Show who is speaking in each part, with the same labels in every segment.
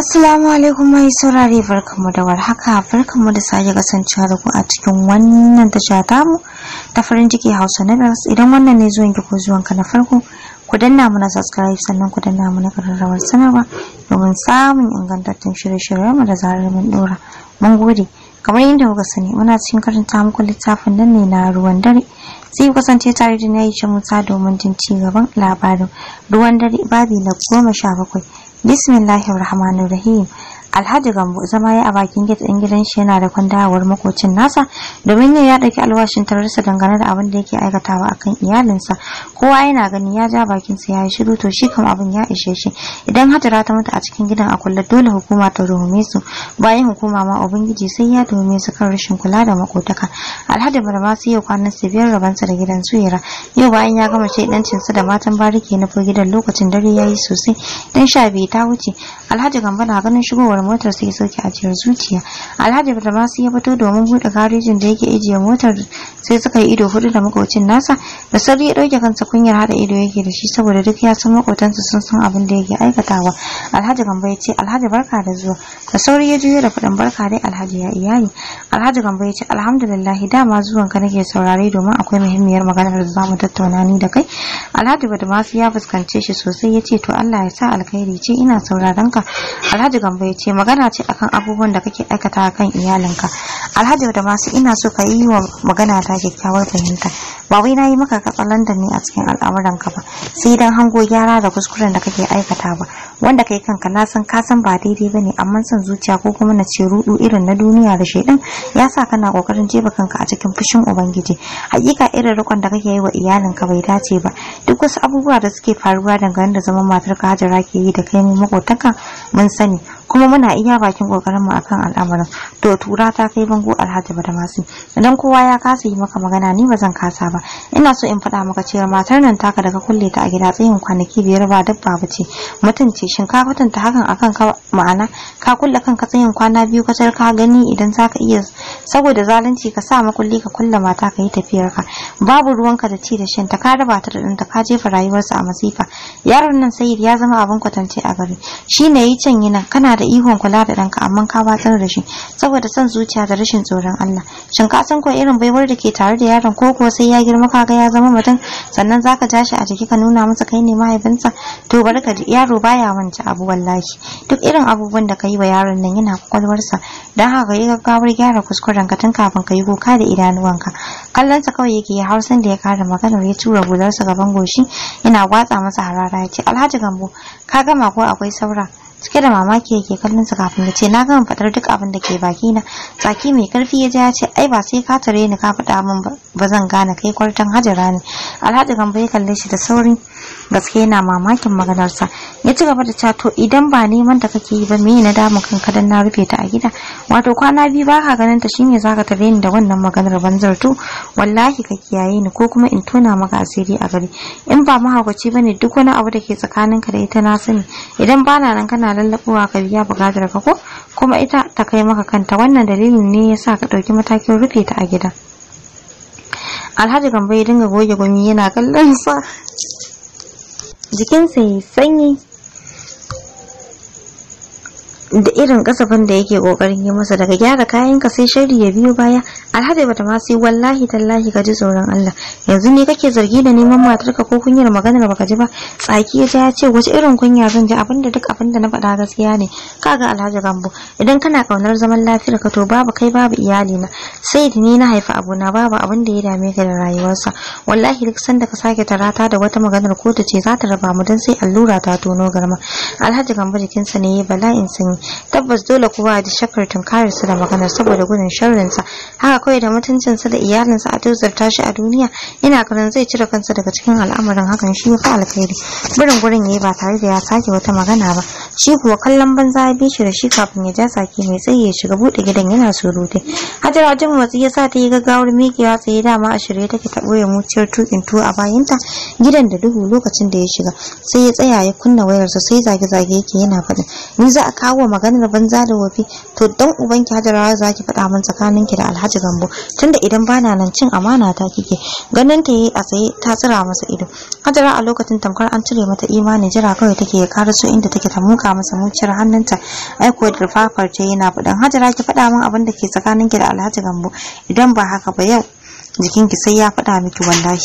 Speaker 1: Assalamu alaikum mai saurare barkamu da warhaka barkamu da sake kasancewa da ku a cikin wannan tasha tamu ta farin ciki Hausa gas idan wannan ne zuwan ki ko zuwan ka na farko ku danna mana subscribe sannan ku danna mana kararrawar sanarwa domin samun ingantattun shirye-shiryen mu da zarar mun dora mun gode kamar inda kuka sani muna cikin karanta muku littafin nan ne na ruwan dare sai ku kasance tare da na yi musa domin jin ci gaban labarin ruwan dare babi na goma sha bakwai Bismillahirrahmanirrahim alhaji gambo zama ya a bakin gate ɗin gidan shi yana da kwandawar makocin nasa domin ya ɗauki alwashin tararsa dangane da abin da yake aikatawa akan iyalinsa kowa yana gani ya ja bakinsa ya yi shiru to shi kam abin ya ishe shi idan hajara ta mutu a cikin gidan a kullu dole hukuma ta ruhume su bayan hukuma ma ubangiji sai ya dume su kan rashin kula da makotaka alhaji barma sai yau kwanan su biyar sa da gidan suyera yau bayan ya gama sa da matan bariki na gidan lokacin dare yayi sosai dan sha biyu ta wuce alhaji gambo na ganin shigowar motar sai sauke ajiyar zuciya alhaji badamasi ya fito domin buɗe garejin da yake ajiye motar sai suka yi ido hudu da makocin nasa da sauri ya dauke kansa kunyar hada ido yake da shi saboda duk ya san makotansa sun san abin da yake aikatawa alhaji gambo ya ce alhaji barka da zuwa da sauri ya juyo da faɗin barka dai alhaji ya iyali alhaji gambo ya ce alhamdulillahi dama zuwanka nake saurare domin akwai muhimmiyar maganar da zamu tattauna ni da kai alhaji badamasi ya fuskance shi sosai ya ce to allah ya sa alkhairi ce ina sauraron ka alhaji gambo ya ce ke magana ce akan abubuwan da kake aikata kan iyalinka alhaji da masu ina so ka yi wa magana ta kyakkyawar fahimta ba wai na yi maka katsalandan ne a cikin al'amuranka ba sai dan hango gyara da kuskuren da kake aikata ba wanda kai kanka na san ka san ba daidai ba ne amma san zuciya ko kuma na ce rudu irin na duniya da shaidan ya sa kana kokarin jefa kanka a cikin fushin ubangiji hakika irin rukun da kake yi wa iyalinka bai dace ba duk wasu abubuwa da suke faruwa dangane da zaman matarka hajara ke yi da kai mu makotanka mun sani kuma muna iya bakin kokarin mu akan al'amarin to tura ta kai bango alhaji ba da masu idan kowa ya kasa yi maka magana ni ba zan kasa ba ina so in faɗa maka cewa matar nan taka daga kulle ta a gida tsayin kwanaki biyar ba dabba ba ce mutum ce shin ka kwatanta hakan akan ka ma'ana ka kulle kanka tsayin kwana biyu ka ka gani idan zaka iya saboda zalunci ka sa makulli ka kulle mata ka yi tafiyarka babu ruwanka da ci da shan ta ka raba ta da ɗanta ka jefa rayuwarsa a masifa yaron nan sayid ya zama abin kwatance a gari shi ne yi can yana kana da ihon kula da ɗanka amma ka watsar da shi saboda son zuciya da rashin tsoron Allah shin ka san ko irin baiwar da ke tare da yaron ko ko sai ya girma ka ga ya zama mutum sannan zaka tashi a jiki ka nuna masa kai ne mahaifinsa to barka da yaro baya manta abu wallahi duk irin abubuwan da ka yi wa yaron nan yana kwakwalwarsa don haka yi gaggawar gyara kuskuren ka tun kafin ka yi kuka da idanuwanka kallonsa kawai yake yi har da ya kare maganar ya tura hularsa gaban goshi yana watsa masa harara ya ce alhaji gambo ka gama ko akwai saura cike da mamaki yake kallon sa kafin ya ce na gama fadar duk abin da ke baki na tsaki mai karfi ya ja ya ce ai ba sai ka tare ni ka faɗa min ba zan gane kai kwartan hajara ne alhaji gambo ya kalle shi da sauri gaske yana mamakin maganarsa ya ci gaba da cato idan ba neman da kake yi ba me na damu kanka dan na rufe ta a gida wato kwana biyu ba ka ganin ta shine zaka tare ni da wannan maganar banzar to wallahi ka kiyaye ni ko kuma in tona maka asiri a gari in ba mahaukaci bane duk wani abu da ke tsakanin ka da ita na sani idan bana nan kana lallabowa ka biya bukatar ka ko kuma ita ta kai maka kanta wannan dalilin ne yasa ka dauki matakin rufe ta a gida alhaji gambo ya dinga goge gumi yana kallon sa 験生、成生意。da irin kasafin da yake kokarin yi masa daga gyara kayan ka sai shari ya biyo baya alhaji bata ma sai wallahi tallahi ka ji tsoron Allah yanzu ne kake zargi da neman matar ka ko kunyar maganar baka ji ba tsaki ya ya ce wace irin kunya zan ji abinda duk abinda na faɗa gaskiya ne kaga alhaji gambo idan kana kaunar zaman lafiyar ka to babu kai babu iyali na sai da ni na haifa na babu abin da ya dame ka da rayuwarsa wallahi duk sanda ka sake tarata da wata maganar ko ta ce za ta raba mu dan sai allura ta tono garma alhaji gambo jikinsa ne ya bala'in sanyi tabbas dole kowa da shakar tunkararsa da maganar saboda gudun sa haka kawai da mutuncin sa da iyalinsa a tozarta tashi a duniya yana ganin zai cire kansa daga cikin al'amarin hakan shi fa alkhairi burin gurin yayi ba tare da ya sake wata magana ba shi kuwa kallon banza ya bi shi da shi kafin ya ja saki mai tsayi ya shiga bude gidan yana surute hajara jin matsi ya sa ta yi gaggawar miƙewa tsaye dama a shirye take ta ɓoye muciyar tukin tuwo a bayanta gidan da duhu lokacin da ya shiga sai ya tsaya ya kunna wayarsa sai zage-zage yake yana faɗin ni za a kawo maganar banza da wafi to dan ubanki hajarawa za ki faɗa min tsakanin ki da alhaji gambo tunda idan bana nan cin amana ta kike ganin ta yi a tsaye ta tsira masa ido hajara a lokacin tamkar an cire mata imani jira kawai take ya kara so inda take ta muka masa muciyar hannunta ko da fafar ta yana fadan hajara ki faɗa min abin da ke tsakanin ki da alhaji gambo idan ba haka ba yau Jikin ki sai ya fada miki wallahi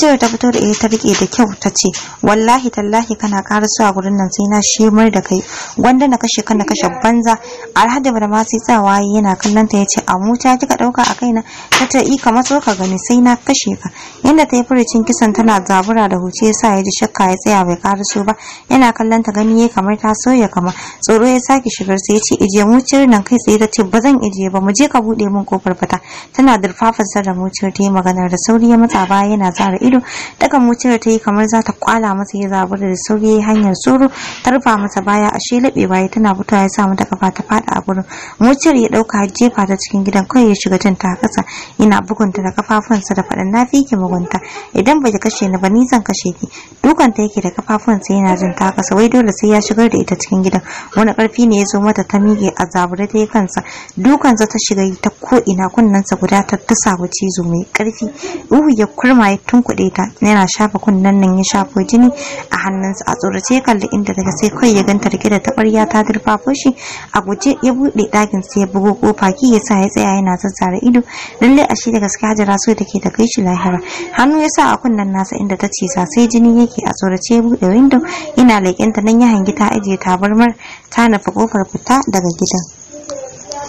Speaker 1: ce ta fito da ita ta rike da kyau ta ce wallahi tallahi kana karasawa gurin nan sai na shimar da kai gwanda na kashe kana kashe banza alhaji bada ma sai tsawa yana kallon ta yace a muta kika dauka a kaina ta ta yi kamar so ka gani sai na kashe ka yanda ta yi furucin kisan tana zabura da huce yasa ya ji shakka ya tsaya bai karaso ba yana kallon ta gani kamar ta soya kama tsoro ya saki shigar sai yace, ije mu muciyar nan kai tsaye ta ce ba zan ije ba mu je ka bude min kofar fata tana durfafar da mu muciyar ta yi magana da sauri ya matsa baya yana zara ido daga muciyar ta yi kamar za ta kwala masa ya zabura da sauri ya yi hanyar tsoro ta rufa masa baya ashe laɓe baya tana fitowa ya sa mata kafa ta faɗa a gurin muciyar ya ɗauka jefa ta cikin gidan kawai ya shiga tun ta ƙasa yana bugunta da kafafunsa da faɗin na fi mugunta idan ki kashe ni ba ni zan kashe ki dukanta yake da kafafunsa yana jin ta ƙasa wai dole sai ya shigar da ita cikin gidan wani ƙarfi ne ya zo mata ta miƙe a zabura ta yi kansa dukansa ta shiga ta ko ina kunnensa guda ta tusa wa cizo mai karfi ruhu ya kurma ya tunkuɗe ta yana shafa kunnen nan ya shafo jini a hannunsa a tsorace ya kalli inda daga sai kai ya ganta rike da tabarya ta durfafo shi a guje ya buɗe ɗakin sai ya bugo kofa ki ya sa ya tsaya yana zazzara ido lalle a shi da gaske hajara so take da kai shi lahira hannu ya sa a kunnen nasa inda ta ce sa sai jini yake a tsorace ya buɗe window yana leƙenta nan ya hangi ta ajiye tabarmar ta nufi kofar fita daga gidan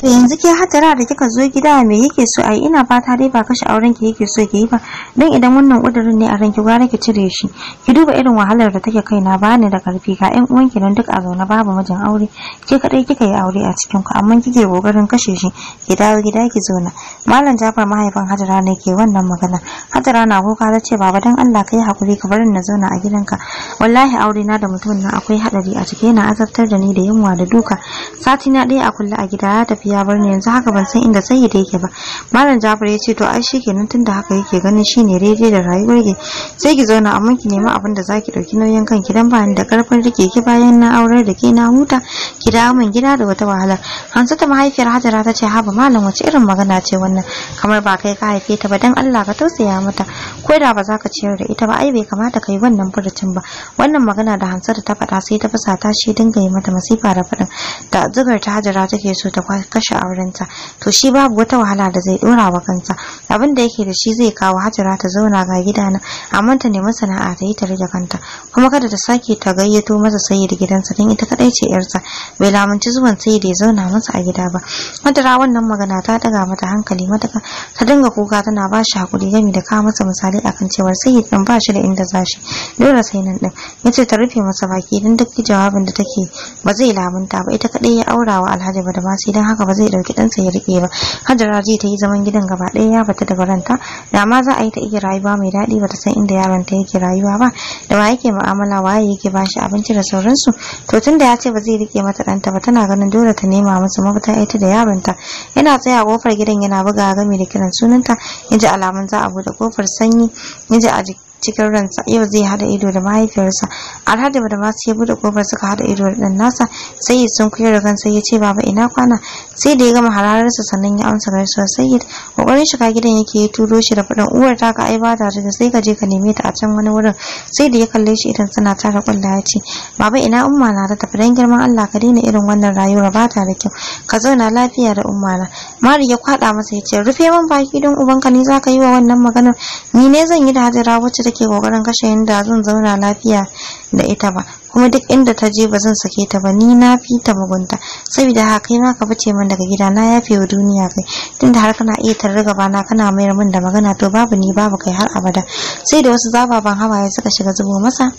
Speaker 1: to eh, yanzu ke hajara da kika zo gida me yake so ai ina fata dai ba kashe auren ki yake so ki yi ba dan idan wannan kudirin ne a ranki gwara ki cire shi ki duba irin wahalar da take kaina ba ni da karfi ga ƴan uwanki nan duk a zaune babu mijin aure ke kadai kika yi aure a cikin ku amma kike kokarin kashe shi ki dawo gida ki zauna mallam Jafar mahaifin Hajara ne ke wannan magana Hajara na kuka ta ce baba dan Allah kai hakuri ka barin na zauna a gidanka wallahi aure na da mutumin nan akwai hadari a cike, yana azabtar da ni da yunwa da duka sati na ɗaya a kulle a gida ya tafi ya bar ni yanzu haka ban san inda da yake ba malam jafar ya ce to ai shikenan tunda haka yake ganin shine daidai da rayuwar ki sai ki zauna amma ki nemi abin da zaki dauki nauyin kanki dan ba ni da karfin rike ki bayan na aurar da ke na huta ki dawo min gida da wata wahala hansa ta mahaifiyar hajara ta ce haba malam wace irin magana ce wannan kamar ba kai ka haife ta ba dan Allah ka tausaya mata ko da ba za ka ciyar da ita ba ai bai kamata ka yi wannan furucin ba wannan magana da Hansatu ta faɗa sai ta fasa ta shi dinga yi mata masifa da faɗin da zubar ta hajara take so ta kashe aurenta to shi babu wata wahala da zai dora wa kansa abin da yake da shi zai kawo hajara ta zauna ga gidana amma ta nemi sana'a ta yi tare da kanta kuma kada ta sake ta gayyato masa sayyid gidansa don ita kadai ce yarsa bai lamunci zuwan sayyid ya zauna masa a gida ba hajara wannan magana ta daga mata hankali mata ta dinga kuka tana ba shi hakuri gami da kawo masa misali Ali akan cewar sai ya ba shi da inda zashi dole sai nan din yace ta rufe masa baki dan duk jawabin da take ba zai lamunta ba ita kadai ya aura wa Alhaji ba da ma sai dan haka ba zai dauki dan sa ya rike ba Hajara ji ta yi zaman gidan gaba ɗaya ya bata daga ranta da ma za a yi ta iya rayuwa mai daɗi bata san inda yaron ta yake rayuwa ba da ma yake mu'amala waye yake bashi abinci da sauransu to tunda ya ce ba zai rike mata ɗanta ba tana ganin dole ta nema masa mafita ita da yaron ta yana tsaya kofar gidan yana buga game da kiran sunanta yaji alamun za a bude kofar sanyi 你再加几。cikin ransa yau zai hada ido da mahaifiyarsa alhaji da ba sai bude kofar suka hada ido da dan nasa sai ya sun kuyar kan sai ya ce baba ina kwana sai da ya gama hararsa sannan ya amsa sai sayyid kokarin shiga gidan yake ya turo shi da fadan uwar ta ka ai ta da sai ka je ka neme ta a can wani wurin sai da ya kalle shi idan suna tara kulla ya ce baba ina umma na da tafi dan girman Allah ka daina irin wannan rayuwar ba ta da kyau ka zauna lafiya da umma na mari ya kwada masa ya ce rufe man baki don uban ubanka ne zaka yi wa wannan maganar ni ne zan yi da hajara wacce take kokarin kashe yanda zan zauna lafiya da ita ba kuma duk inda ta je ba zan sake ta ba ni na fi ta mugunta saboda haka kai ma ka fice min daga gida na yafe wa duniya kai tunda har kana iya tarri bana kana mayar min da magana to babu ni babu kai har abada sai da wasu zababan hawaye suka shiga zubo masa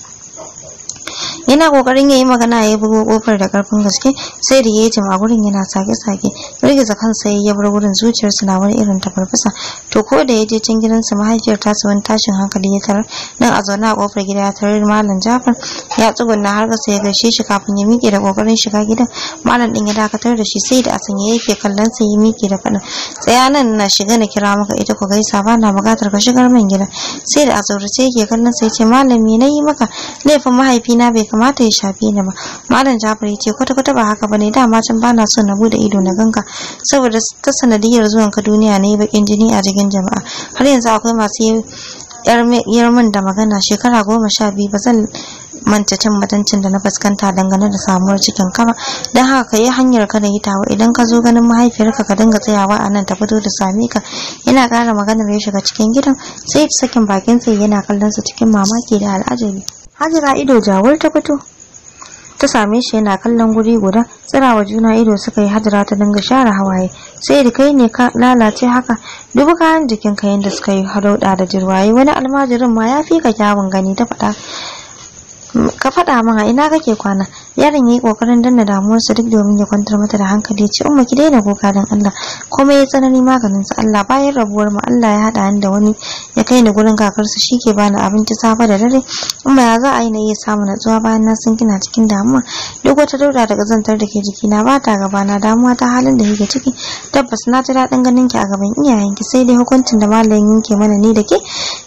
Speaker 1: yana kokarin yayi magana ya bugo kofar da karfin gaske sai da ya jima gurin yana sake-sake kan sai ya bar gurin zuciyarsa na wani irin tafarfasa to ko da ya je can gidansa mahaifiyar su wani tashin hankali ya tarar nan a zauna a kofar gida ya tarar malam jafar ya tsugunna har gasa ya gaishe shi kafin ya miƙe da kokarin shiga gidan malam din ya dakatar da shi sai da a sanya yake kallon sa ya miƙe da faɗin tsaya nan na shiga na kira maka ita ku gaisa ba na bukatar ka shigar min gida sai da a tsorace yake kallon sa ya ce malam me na yi maka laifin mahaifina bai kama kamata ya shafe ni ba malam jafar ya ce kwata kwata ba haka bane dama can bana so na bude ido na ganka saboda ta sanadiyar zuwan ka duniya ne bakin jini a cikin jama'a har yanzu akwai masu yar min da magana shekara goma sha biyu ba zan manta cin mutuncin da na fuskanta dangane da samuwar cikin kama don haka ka yi hanyar ka da hitawa idan ka zo ganin mahaifiyarka ka dinga tsayawa a nan ta fito da same ka yana kara maganar ya shiga cikin gidan sai sakin bakin sai yana kallon su cikin mamaki da al'ajabi hajira ido jawar ta fito ta same shi yana kallon guri guda tsirawa juna ido suka yi hajira ta dinga share hawaye sai da kai ne ka lalace haka dubu kayan jikin ka yadda suka yi harauɗa da jirwaye wani almajirin ma ya fi ka kyawun gani ta faɗa ka faɗa mana a ina kake kwana yaron yayi kokarin danna damuwarsa duk domin ya kwantar mata da hankali ce umma ki daina kuka dan Allah komai ya tsanani maganin sa Allah bayan rabuwar mu Allah ya haɗa ni da wani ya kai ni gurin kakarsa shike bani abinci safa da dare umma ya za a yi na iya samu natsuwa bayan na san kina cikin damuwa duk wata dauda daga zantar da ke jikina ba ta gaba na damuwa ta halin da kike ciki tabbas na ji daɗin ganin ki a gaban iyayen ki. sai dai hukuncin da malamin yake mana ni da ke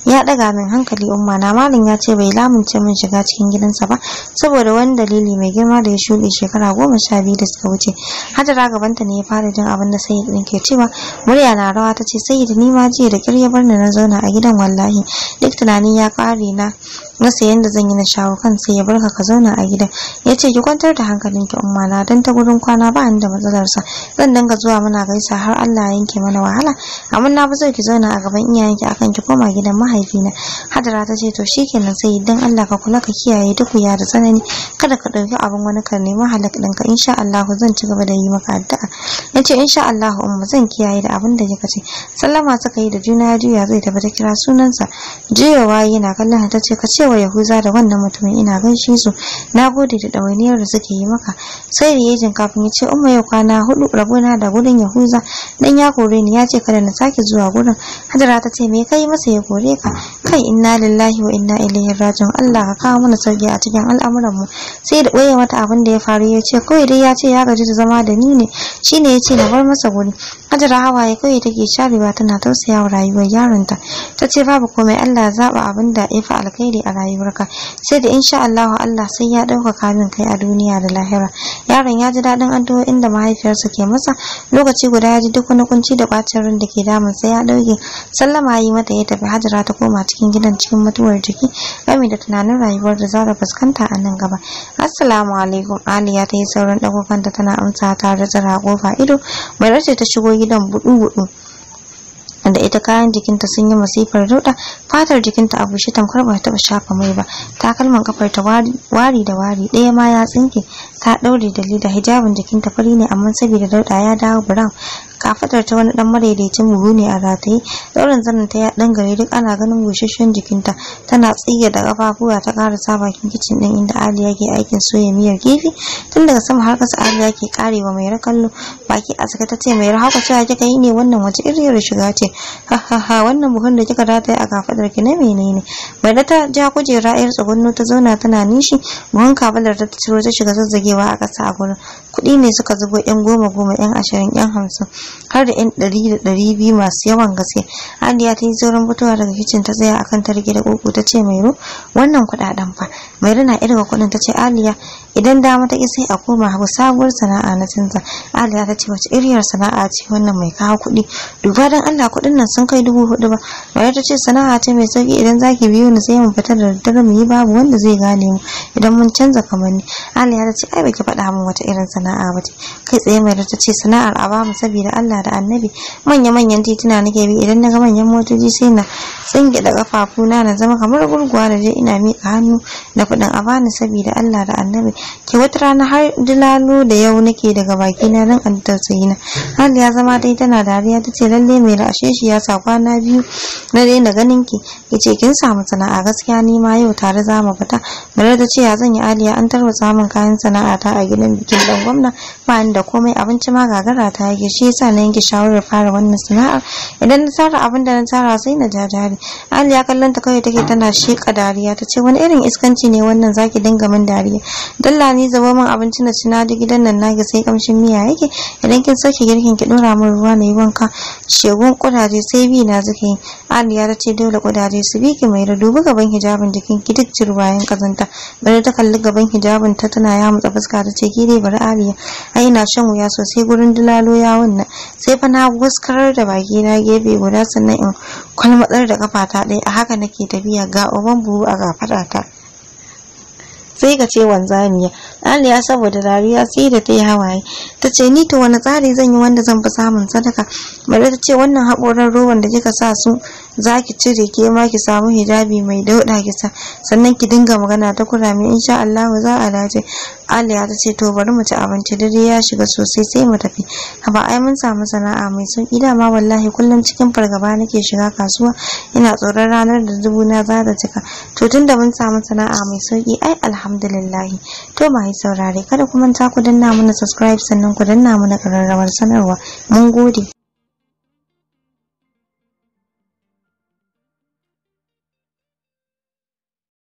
Speaker 1: ya ɗaga min hankali umma na malam ya ce bai lamunce min shiga cikin sa ba saboda wani dalili mai girma da ya shuɗe shekara goma sha biyu da suka wuce hajara gabanta ne ya fara jin abin da sayyid din ke cewa murya na rawa ta ce sayyid ni ma jiya da kirya bar na zauna a gidan wallahi duk tunanin ya ƙare na masa yadda zan yi na shawo kan sai ya barka ka zauna a gidan ya ce ki kwantar da hankalinki umma na dan ta gurin kwana ba ni da matsalarsa zan dinga zuwa muna gaisa har Allah ya yanke mana wahala amma na fi so ki zauna a gaban iyayenki akan ki koma gidan mahaifina hadara ta ce to shikenan sai dan Allah ka kula ka kiyaye duk ya da tsanani kada ka ɗauki abun wani ka nemi halak ɗinka insha Allah zan ci gaba da yi maka addu'a ya ce insha Allah umma zan kiyaye da abun da kika ce sallama suka yi da juna juya zai tafi ta kira sunansa juyawa yana kallon ta ce ka ce cewa yahuza da wannan mutumin ina ganshi su na gode da dawainiyar da suke yi maka sai da kafin ya ce umma yau kwana hudu rabona da gurin yahuza dan ya kore ni ya ce kada na sake zuwa gurin hajara ta ce me kai masa ya kore ka kai inna lillahi wa inna ilaihi raji'un Allah ka kawo mana sauki a cikin al'amuran mu sai da ɓoye mata abin da ya faru ya ce kawai dai ya ce ya gaji da zama da ni ne shine ya ce na bar masa guri hajara hawaye kawai take sharewa tana tausayawa rayuwar yaronta ta ce babu komai Allah ya zaba abin da ya fi alkhairi a rayuwarka sai da insha Allah Allah sai ya ɗaukaka kamin kai a duniya da lahira yaron ya ji daɗin addu'o'in inda mahaifiyarsa ke masa lokaci guda ya ji duk wani kunci da bacin ran da ke damun sai ya ɗauke sallama yi mata ya tafi hajara ta koma cikin gidan cikin mutuwar jiki game da tunanin rayuwar da za ta fuskanta a nan gaba assalamu alaikum aliya ta yi sauran dakokanta tana amsa tare da kofa ido Bai race ta shigo gidan budu buɗu da ita kayan jikinta sun yi masifar ruda fatar jikinta a bushe tamkar ba taɓa shafa mai ba takalman kafar ta wari da wari ɗaya ma ya tsinke ta ɗaure dalila hijabin jikinta fari ne amma saboda dauɗa ya dawo brown kafadar ta wani dan madaidaicin buhu ne a rataye daurin zanin ta ya gari duk ana ganin busasshen jikinta tana tsiga da kafafuwa ta karasa bakin kicin din inda Aliya ke aikin soya miyar kifi tun daga sama har kasa Aliya ke karewa mai rakallo baki a saka ta ce mai rahaka cewa kika yi ne wannan wace iriyar shiga ce ha ha ha wannan buhun da kika rataya a kafadar ki na menene mai da ta ja kujera yar tsugunno ta zauna tana nishi buhun kafalar ta ciro ta shiga zazzagewa a kasa a gurin kuɗi ne suka zubo yan goma goma yan ashirin yan hamsin har da 'yan ɗari da ɗari biyu masu yawan gaske aliya ta yi zaurin fitowa daga kicin ta tsaya akan targe da koko ta ce mairo wannan kuɗaɗen fa mairo na irga kuɗin ta ce aliya idan dama ta sai a koma hagu sabuwar sana'a na canza aliya ta ce wace iriyar sana'a ce wannan mai kawo kuɗi duba don allah kuɗin nan sun kai dubu hudu ba mairo ta ce sana'a ce mai sauki idan zaki biyo ni sai mu fita da daddare mu yi babu wanda zai gane mu idan mun canza kamanni aliya ta ce ai baki faɗa min wata irin sana'a ba ce kai tsaye mairo ta ce sana'ar a mu saboda Allah da annabi manya-manyan tituna nake bi idan naga manyan motoci sai na tsinge da kafafuna na zama kamar gurguwa da je ina miƙa hannu da kuɗin a bani saboda Allah da annabi ke wata rana har dilalo da yau nake daga baki na ran an tausayi na har ya zama dai tana dariya ta ce lalle mai rashe shi ya sa kwana biyu na daina ganin ki ki ce kin samu sana'a gaskiya ni ma yau tare za mu fita bare ta ce ya zan yi aliya an tarwatsa min kayan sana'a ta a gidan bikin dan gwamna ba ni da komai abinci ma gagara ta yake shi yasa yasa na yanke shawarar fara wannan sana'ar idan na tsara abin da na tsara sai na ja ali aliya kallon ta kawai take tana sheka dariya ta ce wani irin iskanci ne wannan zaki dinga min dariya dalla ni zaba min abinci na cina da gidan nan nage sai kamshin miya yake idan kin sauke girkin ki dora min ruwa na yi wanka shegun kudaje sai bi na zuke aliya ta ce dole kudaje su bi ki mai dubi gaban hijabin jikin ki duk jirwayen kazanta bari ta kalli gaban hijabin ta tana mutsa fuska ta ce ki dai bari aliya ai ina shan wuya sosai gurin dilalo ya wannan sai fa na waskarar da baki na gefe guda sannan in kwalmatsar da kafata ɗaya a haka nake tafiya ga oban buhu a ta. sai ka ce wanzamiya Aliya saboda dariya sai da ta yi hawaye. Ta ce ni to wani tsari zan yi wanda zan fi samun sadaka. Bari ta ce wannan haƙoran roban da kika sa su za ki cire ke ma ki samu hijabi mai dauɗa ki sa sannan ki dinga magana ta kurame insha Allah za a dace. Aliya ta ce to bari mu ci abinci dare ya shiga sosai sai mu tafi. Haba ai mun samu sana'a mai sauki ma wallahi kullum cikin fargaba nake shiga kasuwa ina tsoron ranar da dubu na za ta cika. To tunda mun samu sana'a mai sauki ai alhamdulillah. To ba saurare kada ku manta ku danna mana subscribe sannan ku danna mana ƙararrawar sanarwa mun gode